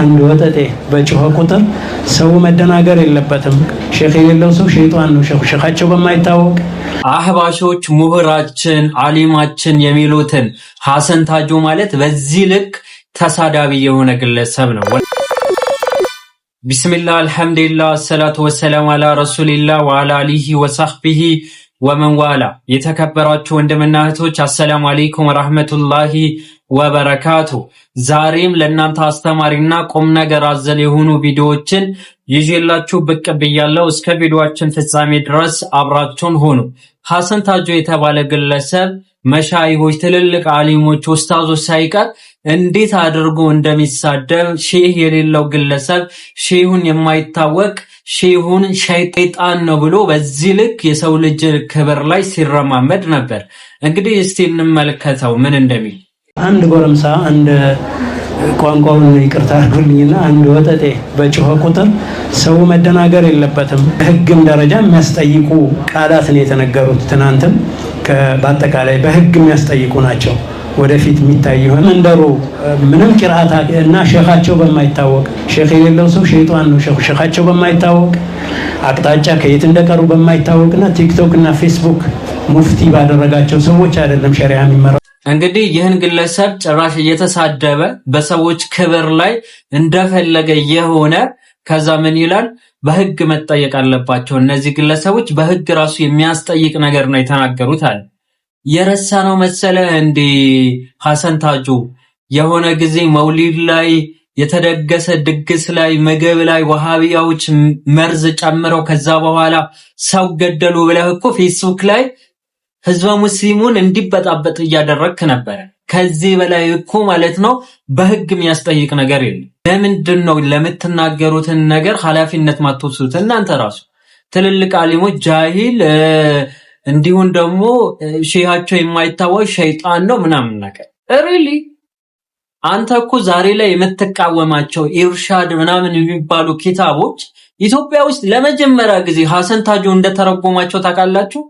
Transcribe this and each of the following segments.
አንድ ወጠጤ በጮኸ ቁጥር ሰው መደናገር የለበትም። ሼክ የሌለው ሰው ሸይጣን ነው። ሼኻቸው በማይታወቅ አህባሾች ምሁራችን፣ አሊማችን የሚሉትን ሐሰን ታጁ ማለት በዚህ ልክ ተሳዳቢ የሆነ ግለሰብ ነው። ቢስሚላህ አልሐምዱሊላህ፣ ሰላቱ ወሰላም አላ ረሱሊላህ ወአላ አሊሂ ወሳህቢሂ ወመንዋላ። የተከበራችሁ ወንድምና እህቶች አሰላሙ አለይኩም ወራህመቱላሂ ወበረካቱ ዛሬም ለእናንተ አስተማሪና ቁም ነገር አዘል የሆኑ ቪዲዮዎችን ይዤላችሁ ብቅ ብያለሁ። እስከ ቪዲዮአችን ፍጻሜ ድረስ አብራችሁን ሆኑ። ሐሰን ታጆ የተባለ ግለሰብ መሻይሆች፣ ትልልቅ አሊሞች፣ ኡስታዞች ሳይቀር እንዴት አድርጎ እንደሚሳደብ ሼህ የሌለው ግለሰብ ሼሁን የማይታወቅ ሼሁን ሸይጣን ነው ብሎ በዚህ ልክ የሰው ልጅ ክብር ላይ ሲረማመድ ነበር። እንግዲህ እስቲ እንመልከተው ምን እንደሚል አንድ ጎረምሳ አንድ ቋንቋውን ይቅርታ አድርጉልኝና አንድ ወጠጤ በጮኸ ቁጥር ሰው መደናገር የለበትም። በህግም ደረጃ የሚያስጠይቁ ቃላት ነው የተነገሩት። ትናንትም በአጠቃላይ በህግ የሚያስጠይቁ ናቸው። ወደፊት የሚታይ ይሆን። መንደሩ ምንም ቂርአት እና ሼኻቸው በማይታወቅ ሼኽ የሌለው ሰው ሸይጣን ነው። ሼኻቸው በማይታወቅ አቅጣጫ ከየት እንደቀሩ በማይታወቅና ቲክቶክ እና ፌስቡክ ሙፍቲ ባደረጋቸው ሰዎች አይደለም ሸሪያ የሚመራው። እንግዲህ ይህን ግለሰብ ጭራሽ እየተሳደበ በሰዎች ክብር ላይ እንደፈለገ የሆነ ከዛ ምን ይላል? በህግ መጠየቅ አለባቸው እነዚህ ግለሰቦች በህግ ራሱ የሚያስጠይቅ ነገር ነው የተናገሩት አለ። የረሳ ነው መሰለ እንዲ ሐሰን ታጁ የሆነ ጊዜ መውሊድ ላይ የተደገሰ ድግስ ላይ ምግብ ላይ ወሃቢያዎች መርዝ ጨምረው ከዛ በኋላ ሰው ገደሉ ብለህ እኮ ፌስቡክ ላይ ህዝበ ሙስሊሙን እንዲበጣበጥ እያደረግክ ነበረ። ከዚህ በላይ እኮ ማለት ነው በህግ የሚያስጠይቅ ነገር የለም። ለምንድን ነው ለምትናገሩትን ነገር ኃላፊነት ማትወስዱት እናንተ ራሱ ትልልቅ አሊሞች ጃሂል፣ እንዲሁም ደግሞ ሼሃቸው የማይታወቅ ሸይጣን ነው ምናምን ነገር ሪሊ አንተ እኮ ዛሬ ላይ የምትቃወማቸው ኢርሻድ ምናምን የሚባሉ ኪታቦች ኢትዮጵያ ውስጥ ለመጀመሪያ ጊዜ ሀሰን ታጆ እንደተረጎማቸው ታውቃላችሁ?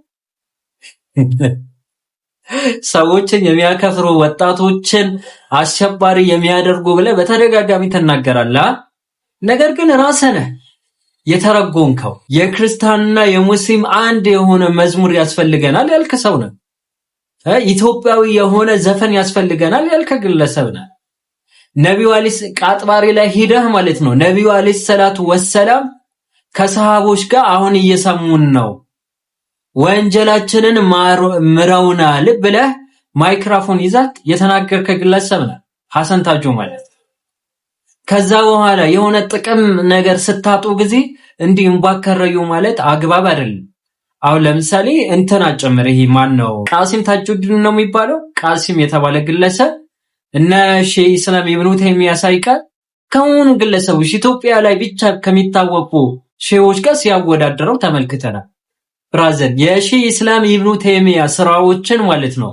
ሰዎችን የሚያከፍሩ ወጣቶችን አሸባሪ የሚያደርጉ ብለህ በተደጋጋሚ ትናገራለህ። ነገር ግን ራስህ የተረጎንከው የክርስቲያንና የሙስሊም አንድ የሆነ መዝሙር ያስፈልገናል ያልክ ሰው ነህ። ኢትዮጵያዊ የሆነ ዘፈን ያስፈልገናል ያልክ ግለሰብ ነህ። ነቢዩ አለይሂ ቃጥባሪ ላይ ሂደህ ማለት ነው። ነቢዩ አለይሂ ሰላቱ ወሰላም ከሰሃቦች ጋር አሁን እየሰሙን ነው ወንጀላችንን ምረውናል ብለህ ማይክራፎን ይዛት የተናገርከ ግለሰብ ነ ሐሰን ማለት። ከዛ በኋላ የሆነ ጥቅም ነገር ስታጡ ጊዜ እንዲህ እንባከረዩ ማለት አግባብ አይደለም። አሁን ለምሳሌ እንትን አጨምር። ይሄ ማን ነው? ቃሲም ታጁዲን ነው የሚባለው። ቃሲም የተባለ ግለሰብ እነ ሼህ ኢስላም ኢብኑ ተይሚያ ሳይቀር ከሆኑ ግለሰቦች ኢትዮጵያ ላይ ብቻ ከሚታወቁ ሼዎች ጋር ሲያወዳደረው ተመልክተናል። ብራዘር የሺ ኢስላም ኢብኑ ተይሚያ ስራዎችን ማለት ነው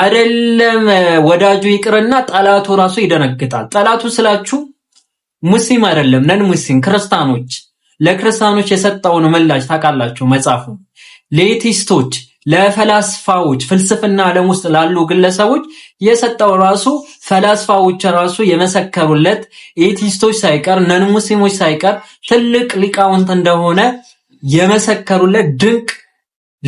አይደለም ወዳጁ ይቅርና ጠላቱ ራሱ ይደነግጣል። ጠላቱ ስላችሁ ሙስሊም አይደለም ነን ሙስሊም ክርስቲያኖች፣ ለክርስቲያኖች የሰጠውን ምላሽ ታውቃላችሁ። መጽሐፉ ለኤቲስቶች፣ ለፈላስፋዎች ፍልስፍና ዓለም ውስጥ ላሉ ግለሰቦች የሰጠው ራሱ ፈላስፋዎች ራሱ የመሰከሩለት ኤቲስቶች ሳይቀር ነን ሙስሊሞች ሳይቀር ትልቅ ሊቃውንት እንደሆነ የመሰከሩለት ድንቅ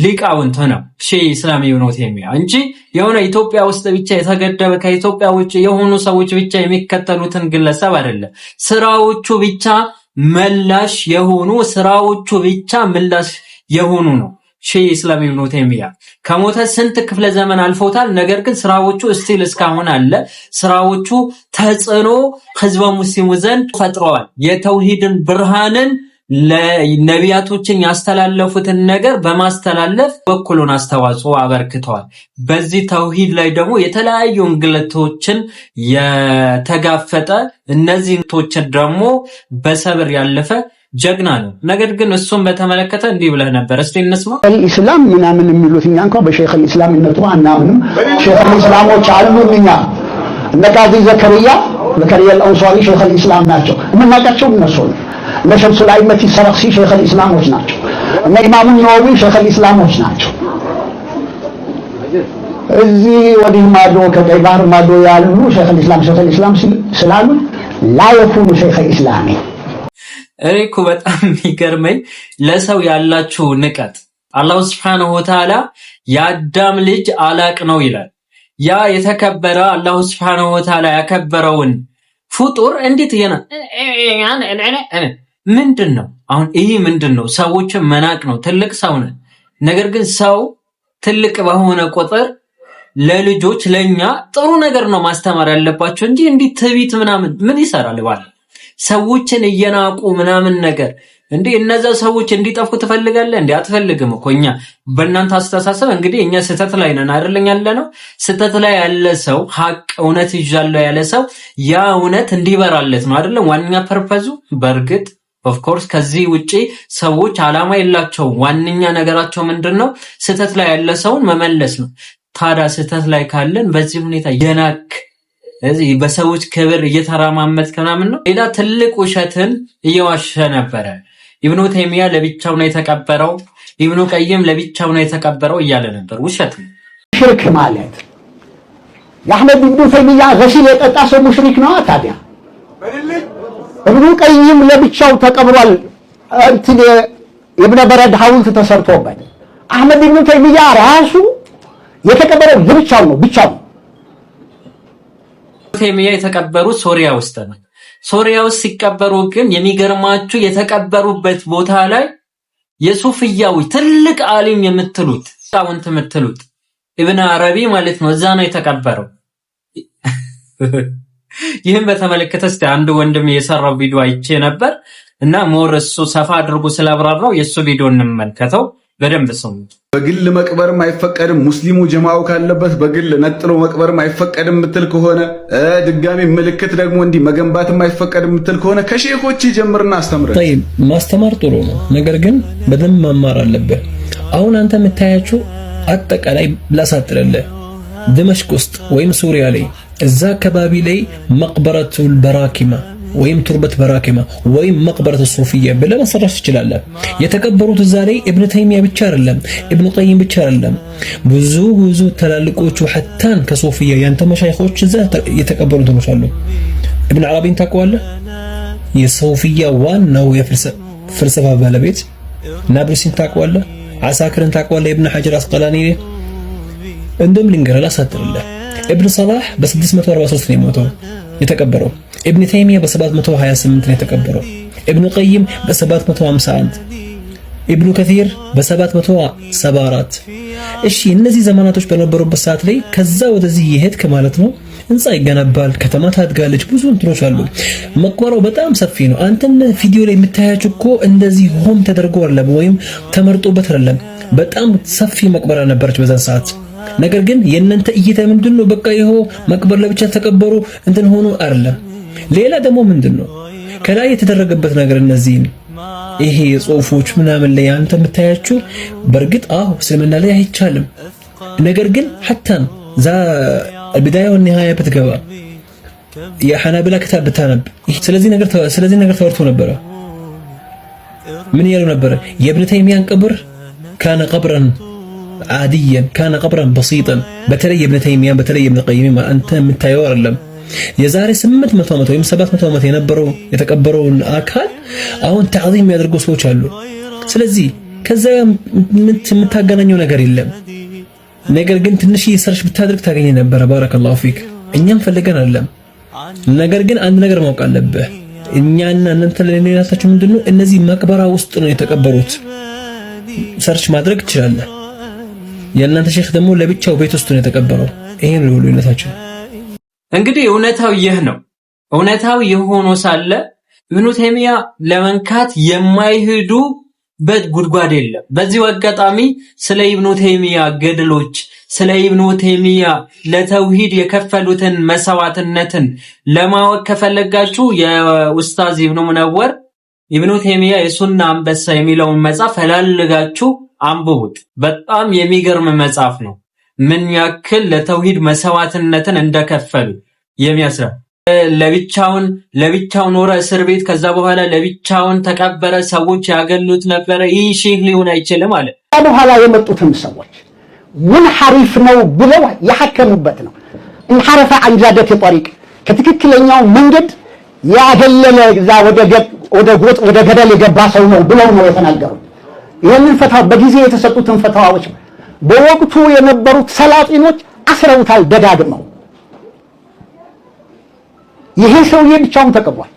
ሊቃውንት ነው ሼህ ኢስላም ኢብኑ ተይሚያ እንጂ የሆነ ኢትዮጵያ ውስጥ ብቻ የተገደበ ከኢትዮጵያ ውጭ የሆኑ ሰዎች ብቻ የሚከተሉትን ግለሰብ አይደለም። ስራዎቹ ብቻ መላሽ የሆኑ ስራዎቹ ብቻ ምላሽ የሆኑ ነው። ሼህ ኢስላም ኢብኑ ተይሚያ ከሞተ ስንት ክፍለ ዘመን አልፎታል። ነገር ግን ስራዎቹ እስቲል እስካሁን አለ። ስራዎቹ ተጽዕኖ ህዝበ ሙስሊሙ ዘንድ ፈጥረዋል። የተውሂድን ብርሃንን ለነቢያቶችን ያስተላለፉትን ነገር በማስተላለፍ በኩሉን አስተዋጽኦ አበርክተዋል። በዚህ ተውሂድ ላይ ደግሞ የተለያዩ እንግልቶችን የተጋፈጠ እነዚህ እንግልቶችን ደግሞ በሰብር ያለፈ ጀግና ነው። ነገር ግን እሱን በተመለከተ እንዲህ ብለህ ነበር፣ እስቲ እንስማ። ኢስላም ምናምን የሚሉት እኛ እንኳ በሼክ ኢስላምነቱ አናምንም። ሼክ ኢስላሞች አሉ። እኛ እነ ቃዲ ዘከርያ ዘከርያ ልአንሷሪ ሼክ ኢስላም ናቸው። የምናውቃቸው እነሱ ነው። እነ ሸምሱ ላይመቲ ሰረክሲ ሸይኸል ኢስላሞች ናቸው። እነ ኢማሙ ነወዊ ሸይኸል ኢስላሞች ናቸው። እዚህ ወዲህ ማዶ ከቀይ ባህር ማዶ ያሉ ሸይኸል ኢስላም ሸይኸል ኢስላም ስላሉ ላየኩኑ ሸይኸል ኢስላሚ እኔ እኮ በጣም የሚገርመኝ ለሰው ያላችሁ ንቀት። አላሁ ስብሐነሁ ወተዓላ የአዳም ልጅ አላቅ ነው ይላል። ያ የተከበረ አላሁ ስብሐነሁ ወተዓላ ያከበረውን ፍጡር እንዴት የና ምንድን ነው አሁን? ይህ ምንድን ነው? ሰዎችን መናቅ ነው። ትልቅ ሰው ነህ። ነገር ግን ሰው ትልቅ በሆነ ቁጥር ለልጆች ለእኛ ጥሩ ነገር ነው ማስተማር ያለባቸው እንጂ እንዲህ ትቢት ምናምን ምን ይሰራል? ባል ሰዎችን እየናቁ ምናምን ነገር እንዴ እነዛ ሰዎች እንዲጠፉ ትፈልጋለህ እንዴ? አትፈልግም እኮ እኛ በእናንተ አስተሳሰብ እንግዲህ እኛ ስህተት ላይ ነን አይደለኝ ያለ ነው። ስህተት ላይ ያለ ሰው ሀቅ እውነት ይዣለሁ ያለ ሰው ያ እውነት እንዲበራለት ነው አይደለም ዋነኛ ፐርፐዙ። በእርግጥ ኦፍኮርስ ከዚህ ውጪ ሰዎች አላማ የላቸውም። ዋነኛ ነገራቸው ምንድን ነው? ስህተት ላይ ያለ ሰውን መመለስ ነው። ታዲያ ስህተት ላይ ካለን በዚህ ሁኔታ የናክ እዚህ በሰዎች ክብር እየተራማመት ከናምን ነው። ሌላ ትልቅ ውሸትን እየዋሸ ነበረ። ኢብኑ ተይሚያ ለብቻው ነው የተቀበረው፣ ኢብኑ ቀይም ለብቻው ነው የተቀበረው እያለ ነበር። ውሸት ነው። ሽርክ ማለት የአሕመድ ኢብኑ ተይሚያ ገሲል የጠጣ ሰው ሙሽሪክ ነዋ። ታዲያ ኢብኑ ቀይም ለብቻው ተቀብሯል። እንትን የእብነ በረድ ሐውልት ተሰርቶበት አሕመድ ኢብኑ ተይሚያ ራሱ የተቀበረው ለብቻው ነው። ብቻው ኢብኑ ተይሚያ የተቀበሩት ሶሪያ ውስጥ ነው። ሶሪያ ውስጥ ሲቀበሩ ግን የሚገርማችሁ የተቀበሩበት ቦታ ላይ የሱፍያዊ ትልቅ አሊም የምትሉት ሳውንት የምትሉት ኢብን አረቢ ማለት ነው፣ እዛ ነው የተቀበረው። ይህም በተመለከተ እስቲ አንድ ወንድም የሰራው ቪዲዮ አይቼ ነበር እና ሞር እሱ ሰፋ አድርጎ ስለአብራራው የእሱ ቪዲዮ እንመልከተው። በደንብ ስሙ። በግል መቅበርም አይፈቀድም። ሙስሊሙ ጀማው ካለበት በግል ነጥሎ መቅበርም አይፈቀድም የምትል ከሆነ ድጋሚ ምልክት ደግሞ እንዲህ መገንባትም አይፈቀድም የምትል ከሆነ ከሼኮች ጀምርና አስተምረ። ማስተማር ጥሩ ነው፣ ነገር ግን በደንብ መማር አለብህ። አሁን አንተ የምታያቸው አጠቃላይ ላሳጥረልህ፣ ድመሽቅ ውስጥ ወይም ሱሪያ ላይ እዛ አካባቢ ላይ መቅበረቱል በራኪማ ወይም ቱርበት በራኬማ ወይም መቅበረት ሱፊያ ብለህ መሰራት ትችላለህ። የተቀበሩት እዛ ላይ ኢብኑ ተይሚያ ብቻ አይደለም፣ ኢብኑ ቀይም ብቻ አይደለም። ብዙ ብዙ ትላልቆቹ ሐታን ከሱፊያ ያንተ መሻይኾች እዛ የተቀበሩ እንትኖች አሉ። ኢብኑ አረቢን ታውቀዋለህ? የሱፊያ ዋናው የፍልስፋ ባለቤት ናብልሲን ታውቀዋለህ? ዓሳክርን ታውቀዋለህ? ኢብኑ ሐጀር አስቀላኒ እንደም ልንገርህ ላሳጥርልህ፣ ኢብኑ ሰላህ በ643 ነው የሞተው የተቀበረው። ኢብኑ ተይሚያ በ728 ነው የተቀበረው። ኢብኑ ቀይም በ751 ኢብኑ ከሲር በ774 እሺ እነዚህ ዘመናቶች በነበሩበት ሰዓት ላይ ከዛ ወደዚህ የሄድክ ማለት ነው ህንፃ ይገነባል ከተማ ታድጋለች ብዙ እንትኖች አሉ መቆረው በጣም ሰፊ ነው አንተን ቪዲዮ ላይ የምታያቸው እኮ እንደዚህ ሆም ተደርጎ አይደለም ወይም ተመርጦበት አይደለም በጣም ሰፊ መቅበራ ነበረች በዛን ሰዓት ነገር ግን የእናንተ እይታ ምንድን ነው? በቃ ይኸው መቅበር ለብቻ ተቀበሩ እንትን ሆኖ አይደለም። ሌላ ደግሞ ምንድን ነው ከላይ የተደረገበት ነገር እነዚህን ይሄ ጽሁፎች ምናምን ላይ አንተ የምታያችሁ በእርግጥ አዎ እስልምና ላይ አይቻልም። ነገር ግን ሐታም ዛ ቢዳያ ወኒሃያ ብትገባ የሐናብላ ክታብ ብታነብ ስለዚህ ነገር ስለዚህ ነገር ተወርቶ ነበረ። ምን ይሉ ነበረ የእብነ ተይሚያን ቀብር ካነ ቀብረን አድየን ካነ ቀብረን በሲጠን በተለይ እብነ ተይሚያን በተለይ እብነ ቀይም አንተ የምታየው አይደለም። የዛሬ 800 ዓመት ወይም 700 ዓመት የነበረው የተቀበረውን አካል አሁን ተዕዚም የሚያደርጉ ሰዎች አሉ። ስለዚህ ከዛ የምታገናኘው ነገር የለም። ነገር ግን ትንሽ ሰርች ብታደርግ ታገኘ ነበረ። ባረከላሁ ፊክ። እኛም ፈልገን አይደለም። ነገር ግን አንድ ነገር ማወቅ አለብህ። እኛና እናንተ ለሌላታችሁ ምንድነው፣ እነዚህ መቅበራ ውስጥ ነው የተቀበሩት። ሰርች ማድረግ ትችላለህ። የእናንተ ሼክ ደግሞ ለብቻው ቤት ውስጥ ነው የተቀበረው። ይሄን ነው ልዩነታቸው። እንግዲህ እውነታው ይህ ነው። እውነታው የሆኖ ሳለ ኢብኑ ተይሚያ ለመንካት የማይሄዱ በት ጉድጓድ የለም። በዚህ አጋጣሚ ስለ ኢብኑ ተይሚያ ገድሎች፣ ስለ ኢብኑ ተይሚያ ለተውሂድ የከፈሉትን መሰዋትነትን ለማወቅ ከፈለጋችሁ የኡስታዝ ኢብኑ ሙነወር ኢብኑ ተይሚያ የሱና አንበሳ የሚለውን መጽሐፍ ፈላልጋችሁ አንብቡት። በጣም የሚገርም መጽሐፍ ነው። ምን ያክል ለተውሂድ መሰዋትነትን እንደከፈሉ የሚያስረ ለብቻውን ለብቻው ኖረ እስር ቤት፣ ከዛ በኋላ ለብቻውን ተቀበረ። ሰዎች ያገሉት ነበረ። ይህ ሼህ ሊሆን አይችልም አለ። በኋላ የመጡትም ሰዎች ምን ሐሪፍ ነው ብለው ያሐከሙበት ነው። እንሐረፈ አንጃደት የጠሪቅ ከትክክለኛው መንገድ ያገለለ እዛ ወደ ጎጥ ወደ ገደል የገባ ሰው ነው ብለው ነው የተናገሩት። ይህንን ፈታ በጊዜ የተሰጡትን ፈትዋዎች በወቅቱ የነበሩት ሰላጢኖች አስረውታል ደጋግመው። ይሄ ሰውዬ ብቻውን ተቀቧል።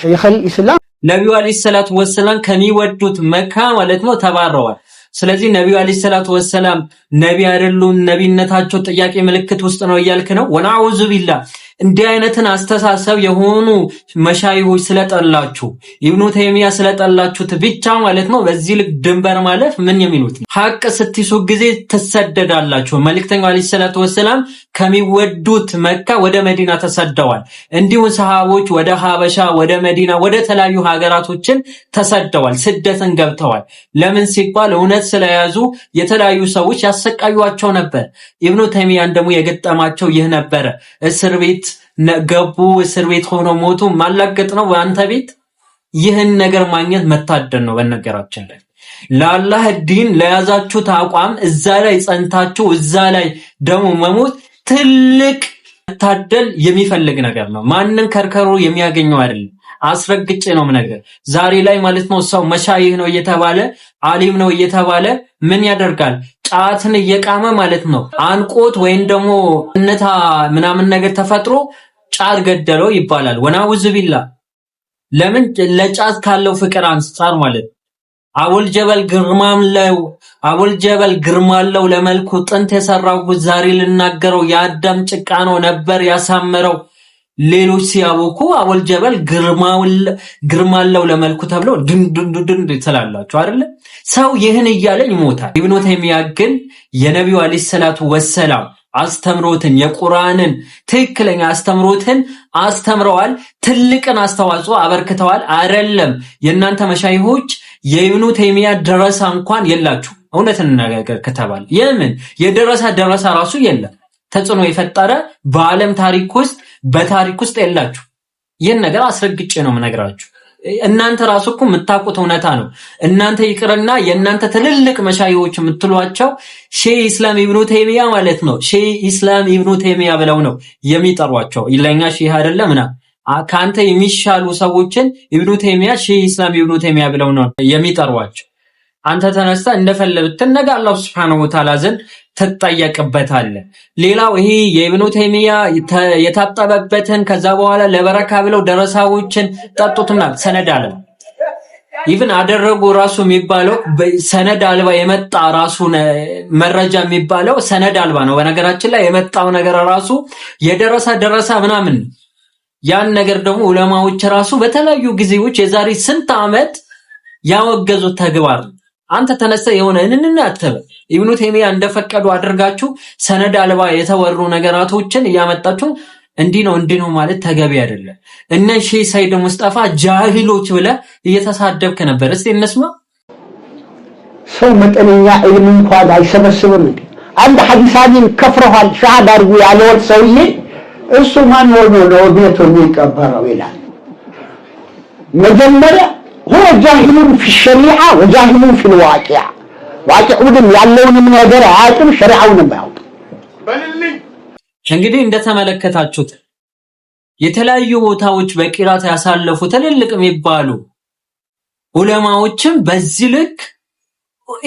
ሸይኹል ኢስላም ነቢዩ አለይሂ ሰላቱ ወሰላም ከሚወዱት መካ ማለት ነው ተባረዋል። ስለዚህ ነቢዩ አለይሂ ሰላቱ ወሰላም ነቢ አይደሉም፣ ነቢነታቸው ጥያቄ ምልክት ውስጥ ነው እያልክ ነው። ወነዑዙ ቢላህ እንዲህ አይነትን አስተሳሰብ የሆኑ መሻይሆች ስለጠላችሁ ኢብኑ ተይሚያ ስለጠላችሁት ብቻ ማለት ነው። በዚህ ልክ ድንበር ማለፍ ምን የሚሉት ነው? ሀቅ ስትሱ ጊዜ ትሰደዳላችሁ። መልእክተኛው ዓለይሂ ሰላቱ ወሰላም ከሚወዱት መካ ወደ መዲና ተሰደዋል። እንዲሁም ሰሃቦች ወደ ሀበሻ፣ ወደ መዲና፣ ወደ ተለያዩ ሀገራቶችን ተሰደዋል። ስደትን ገብተዋል። ለምን ሲባል እውነት ስለያዙ የተለያዩ ሰዎች ያሰቃዩቸው ነበር። ኢብኑ ተይሚያን ደግሞ የገጠማቸው ይህ ነበረ። እስር ቤት ገቡ እስር ቤት ሆኖ ሞቱ። ማላገጥ ነው በአንተ ቤት። ይህን ነገር ማግኘት መታደል ነው። በነገራችን ላይ ለአላህ ዲን ለያዛችሁት አቋም እዛ ላይ ጸንታችሁ እዛ ላይ ደግሞ መሞት ትልቅ መታደል የሚፈልግ ነገር ነው። ማንም ከርከሮ የሚያገኘው አይደለም። አስረግጬ ነው ነገር ዛሬ ላይ ማለት ነው ሰው መሻይህ ነው እየተባለ አሊም ነው እየተባለ ምን ያደርጋል? ጫትን እየቃመ ማለት ነው። አንቆት ወይም ደግሞ እነታ ምናምን ነገር ተፈጥሮ ጫት ገደለው ይባላል። ወናውዝ ቢላ ለምን ለጫት ካለው ፍቅር አንጻር ማለት አቡል ጀበል ግርማም ለው አቡል ጀበል ግርማለው ለመልኩ ጥንት የሰራው ዛሬ ልናገረው የአዳም ጭቃ ነው ነበር ያሳመረው ሌሎች ሲያቦኩ አወል ጀበል ግርማለው ለመልኩ ተብሎ ድንድንድንድ ትላላችሁ አይደለ? ሰው ይህን እያለን ይሞታል። ኢብኑ ተይሚያ ግን የነቢዩ አለይሂ ሰላቱ ወሰላም አስተምሮትን የቁርአንን ትክክለኛ አስተምሮትን አስተምረዋል። ትልቅን አስተዋጽኦ አበርክተዋል። አይደለም የእናንተ መሻይሆች የኢብኑ ተይሚያ ደረሳ እንኳን የላችሁ። እውነት እንነጋገር ከተባለ የምን የደረሳ ደረሳ ራሱ የለም። ተጽዕኖ የፈጠረ በዓለም ታሪክ ውስጥ በታሪክ ውስጥ የላችሁ። ይህን ነገር አስረግጬ ነው የምነግራችሁ። እናንተ ራሱ እኮ የምታውቁት እውነታ ነው። እናንተ ይቅርና የእናንተ ትልልቅ መሻይዎች የምትሏቸው ሼህ ኢስላም ኢብኑ ቴሚያ ማለት ነው። ሼህ ኢስላም ኢብኑ ቴሚያ ብለው ነው የሚጠሯቸው። ይለኛ ሼህ አይደለም ና ከአንተ የሚሻሉ ሰዎችን ኢብኑ ቴሚያ ሼህ ኢስላም ኢብኑ ቴሚያ ብለው ነው የሚጠሯቸው። አንተ ተነስተ እንደፈለ ነገ አላሁ ስብሐነሁ ወተዓላ ዘንድ ትጠየቅበታለ ሌላው ይሄ የኢብኑ ተይሚያ የታጠበበትን ከዛ በኋላ ለበረካ ብለው ደረሳዎችን ጠጡትና ሰነድ አለ ኢቭን አደረጉ ራሱ የሚባለው ሰነድ አልባ የመጣ ራሱ መረጃ የሚባለው ሰነድ አልባ ነው። በነገራችን ላይ የመጣው ነገር ራሱ የደረሳ ደረሳ ምናምን ያን ነገር ደግሞ ዑለማዎች ራሱ በተለያዩ ጊዜዎች የዛሬ ስንት ዓመት ያወገዙት ተግባር አንተ ተነስተ የሆነ እንንን አተበ ኢብኑ ቴሚያ እንደፈቀዱ አድርጋችሁ ሰነድ አልባ የተወሩ ነገራቶችን እያመጣችሁ እንዲ ነው እንዲ ነው ማለት ተገቢ አይደለም። እነ ሼህ ሰይድ ሙስጠፋ ጃሂሎች ብለ እየተሳደብክ ነበር። እስቲ እነስማ። ሰው መጠነኛ ዒልም እንኳን አይሰበስብም። እንዲ አንድ ሐዲሳኒን ከፍረኋል ሻሃድ አድርጉ ያለውን ሰውዬ እሱ ማን ሆኖ ነው ቤቱ የሚቀበረው ይላል መጀመሪያ ሁወ ጃሂሉን ፊ ወጃሂሉን ፊ ልዋቂዕ ዋቂዑንም ያለውንም ነገር አያውቅም፣ ሸሪዓውንም አያውቅም። እንግዲህ እንደተመለከታችሁት የተለያዩ ቦታዎች በቂራት ያሳለፉ ትልልቅ የሚባሉ ዑለማዎችም በዚህ ልክ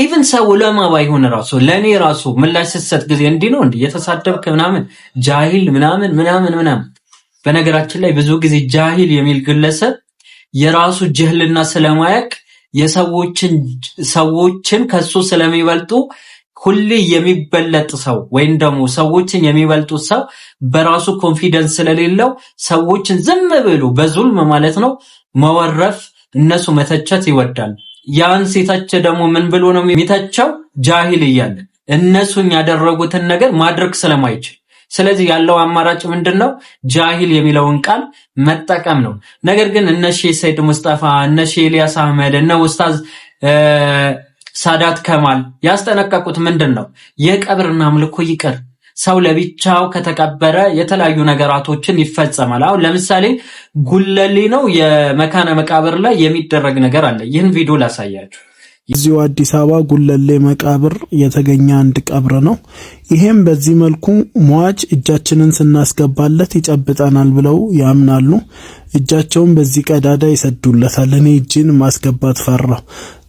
ኢቭን ሰው ዑለማ ባይሆን ራሱ ለእኔ ራሱ ምላሽ ስሰጥ ጊዜ እንዲህ ነው እንዲህ የተሳደብክ ምናምን ጃሂል ምናምን ምናምን ምናምን። በነገራችን ላይ ብዙ ጊዜ ጃሂል የሚል ግለሰብ የራሱ ጅህልና የሰዎችን ሰዎችን ከሱ ስለሚበልጡ ሁሌ የሚበለጥ ሰው ወይም ደግሞ ሰዎችን የሚበልጡ ሰው በራሱ ኮንፊደንስ ስለሌለው ሰዎችን ዝም ብሎ በዙልም ማለት ነው መወረፍ፣ እነሱ መተቸት ይወዳል። ያን ሴታች ደግሞ ምን ብሎ ነው የሚተቸው? ጃሂል እያለ እነሱን ያደረጉትን ነገር ማድረግ ስለማይችል ስለዚህ ያለው አማራጭ ምንድን ነው? ጃሂል የሚለውን ቃል መጠቀም ነው። ነገር ግን እነ ሼህ ሰይድ ሙስጠፋ፣ እነ ሼህ ኤልያስ አህመድ፣ እነ ኡስታዝ ሳዳት ከማል ያስጠነቀቁት ምንድን ነው? የቀብርና አምልኮ ይቅር ሰው ለብቻው ከተቀበረ የተለያዩ ነገራቶችን ይፈጸማል። አሁን ለምሳሌ ጉለሌ ነው የመካነ መቃብር ላይ የሚደረግ ነገር አለ። ይህን ቪዲዮ ላሳያችሁ። የዚሁ አዲስ አበባ ጉለሌ መቃብር የተገኘ አንድ ቀብር ነው። ይሄም በዚህ መልኩ ሟች እጃችንን ስናስገባለት ይጨብጠናል ብለው ያምናሉ። እጃቸውን በዚህ ቀዳዳ ይሰዱለታል። እኔ እጅን ማስገባት ፈራው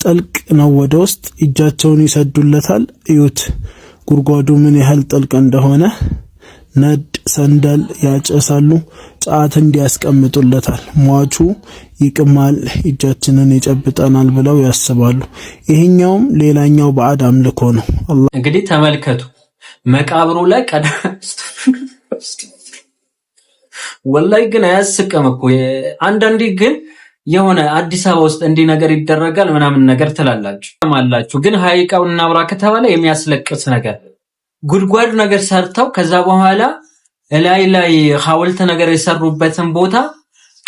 ጥልቅ ነው ወደ ውስጥ እጃቸውን ይሰዱለታል። እዩት ጉድጓዱ ምን ያህል ጥልቅ እንደሆነ ነድ ሰንደል ያጨሳሉ፣ ጫት እንዲያስቀምጡለታል። ሟቹ ይቅማል፣ እጃችንን ይጨብጠናል ብለው ያስባሉ። ይሄኛውም ሌላኛው ባዕድ አምልኮ ነው። እንግዲህ ተመልከቱ፣ መቃብሩ ላይ ወላይ ግን አያስቅም እኮ አንዳንዴ ግን የሆነ አዲስ አበባ ውስጥ እንዲህ ነገር ይደረጋል ምናምን ነገር ትላላችሁ አላችሁ። ግን ሀይቃው እናውራ ከተባለ የሚያስለቅስ ነገር ጉድጓድ ነገር ሰርተው ከዛ በኋላ እላይ ላይ ሐውልት ነገር የሰሩበትን ቦታ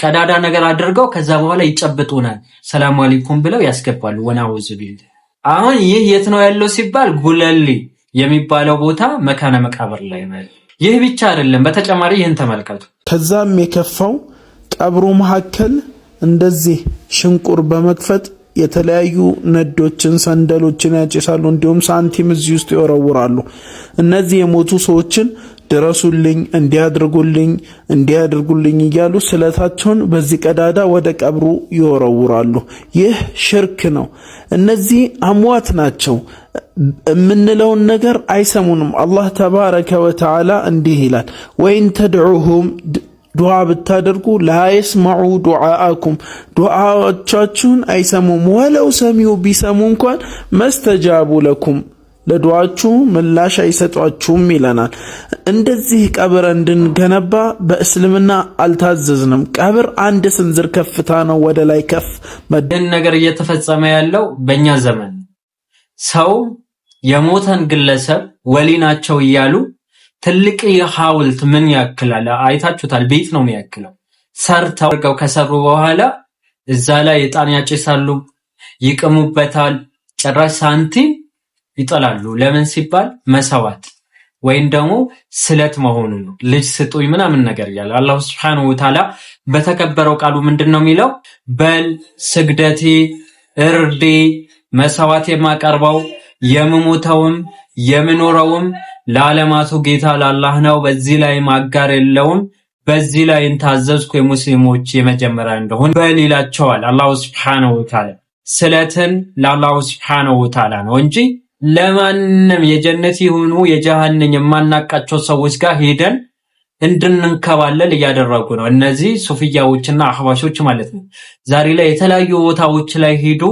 ቀዳዳ ነገር አድርገው ከዛ በኋላ ይጨብጡናል፣ ሰላም አለይኩም ብለው ያስገባሉ። ወናውዝ ቢል አሁን ይህ የት ነው ያለው ሲባል ጉለሌ የሚባለው ቦታ መካነ መቃብር ላይ ነው። ይህ ብቻ አይደለም፣ በተጨማሪ ይህን ተመልከቱ። ከዛም የከፋው ቀብሩ መካከል እንደዚህ ሽንቁር በመክፈት የተለያዩ ነዶችን፣ ሰንደሎችን ያጭሳሉ። እንዲሁም ሳንቲም እዚህ ውስጥ ይወረውራሉ። እነዚህ የሞቱ ሰዎችን ድረሱልኝ፣ እንዲያድርጉልኝ፣ እንዲያድርጉልኝ እያሉ ስለታቸውን በዚህ ቀዳዳ ወደ ቀብሩ ይወረውራሉ። ይህ ሽርክ ነው። እነዚህ አሟት ናቸው የምንለውን ነገር አይሰሙንም። አላህ ተባረከ ወተዓላ እንዲህ ይላል፣ ወይን ተድዑሁም ዱዓ ብታደርጉ ላይስማዑ ዱዓአኩም ዱዓዎቻችሁን አይሰሙም፣ ወለው ሰሚው ቢሰሙ እንኳን መስተጃቡ ለኩም ለዱዓችሁ ምላሽ አይሰጧችሁም ይለናል። እንደዚህ ቀብር እንድንገነባ በእስልምና አልታዘዝንም። ቀብር አንድ ስንዝር ከፍታ ነው፣ ወደ ላይ ከፍ መደን ነገር እየተፈጸመ ያለው በእኛ ዘመን ሰው የሞተን ግለሰብ ወሊ ናቸው እያሉ ትልቅ ሐውልት ምን ያክላል? አይታችሁታል። ቤት ነው የሚያክለው። ሰርተው ከሰሩ በኋላ እዛ ላይ ዕጣን ያጭሳሉ፣ ይቅሙበታል። ጭራሽ ሳንቲም ይጠላሉ። ለምን ሲባል መሰዋት ወይም ደግሞ ስለት መሆኑ ነው። ልጅ ስጡኝ ምናምን ነገር እያለ አላሁ ስብሐነሁ ወተዓላ በተከበረው ቃሉ ምንድን ነው የሚለው? በል ስግደቴ፣ እርዴ፣ መሰዋት የማቀርበው የምሞተውም የምኖረውም ለዓለማቱ ጌታ ላላህ ነው። በዚህ ላይ ማጋር የለውም። በዚህ ላይ እንታዘዝኩ የሙስሊሞች የመጀመሪያ እንደሆን በል ይላቸዋል አላሁ ስብሐነሁ ወተዓላ። ስለትን ለአላሁ ስብሐነሁ ወተዓላ ነው እንጂ ለማንም የጀነት ይሁኑ የጀሃነም የማናቃቸው ሰዎች ጋር ሄደን እንድንንከባለል እያደረጉ ነው። እነዚህ ሱፍያዎችና አህባሾች ማለት ነው። ዛሬ ላይ የተለያዩ ቦታዎች ላይ ሄዱ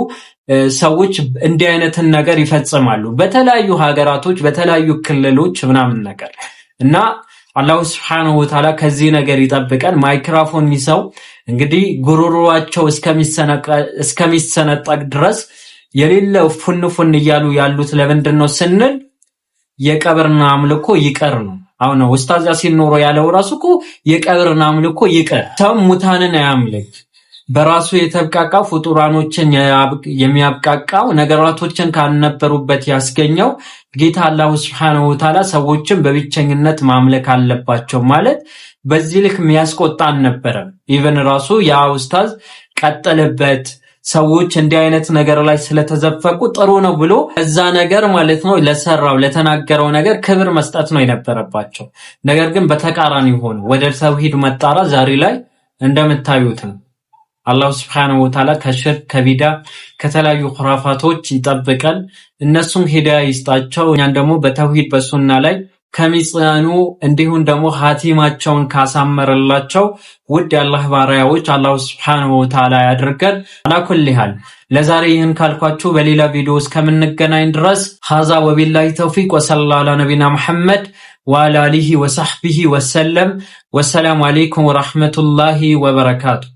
ሰዎች እንዲህ አይነትን ነገር ይፈጽማሉ። በተለያዩ ሀገራቶች፣ በተለያዩ ክልሎች ምናምን ነገር እና አላሁ ስብሐነሁ ወተዓላ ከዚህ ነገር ይጠብቀን። ማይክራፎን ይዘው እንግዲህ ጉሮሮዋቸው እስከሚሰነጠቅ ድረስ የሌለ ፉን ፉን እያሉ ያሉት ለምንድን ነው ስንል የቀብርን አምልኮ ይቀር ነው። አሁን ነው ኡስታዝ ያሲን ኑሮ ያለው ራሱ እኮ የቀብርን አምልኮ ይቀር፣ ሰው ሙታንን አያምልክ፣ በራሱ የተብቃቃ ፍጡራኖችን የሚያብቃቃው ነገራቶችን ካልነበሩበት ያስገኘው ጌታ አላሁ ሱብሓነሁ ወተዓላ ሰዎችን በብቸኝነት ማምለክ አለባቸው ማለት በዚህ ልክ የሚያስቆጣ አልነበረም። ኢቨን ራሱ ያ ኡስታዝ ቀጠለበት ሰዎች እንዲህ አይነት ነገር ላይ ስለተዘፈቁ ጥሩ ነው ብሎ እዛ ነገር ማለት ነው ለሰራው ለተናገረው ነገር ክብር መስጠት ነው የነበረባቸው። ነገር ግን በተቃራኒ ሆኑ። ወደ ተውሂድ መጣራ ዛሬ ላይ እንደምታዩት ነው። አላሁ ስብሐነሁ ወተዓላ ከሽርክ ከቢዳ ከተለያዩ ኩራፋቶች ይጠብቀን። እነሱም ሂዳያ ይስጣቸው። እኛን ደግሞ በተውሂድ በሱና ላይ ከሚጽያኑ እንዲሁም ደግሞ ሀቲማቸውን ካሳመረላቸው ውድ የአላህ ባሪያዎች አላሁ ስብሓነሁ ወተዓላ ያድርገን። አላኩልሃል ለዛሬ ይህን ካልኳችሁ በሌላ ቪዲዮ እስከምንገናኝ ድረስ ሀዛ ወቢላሂ ተውፊቅ ወሰላ አላ ነቢና መሐመድ ወአላ አሊሂ ወሰሕቢሂ ወሰለም። ወሰላሙ አሌይኩም ወረሕመቱላሂ ወበረካቱ።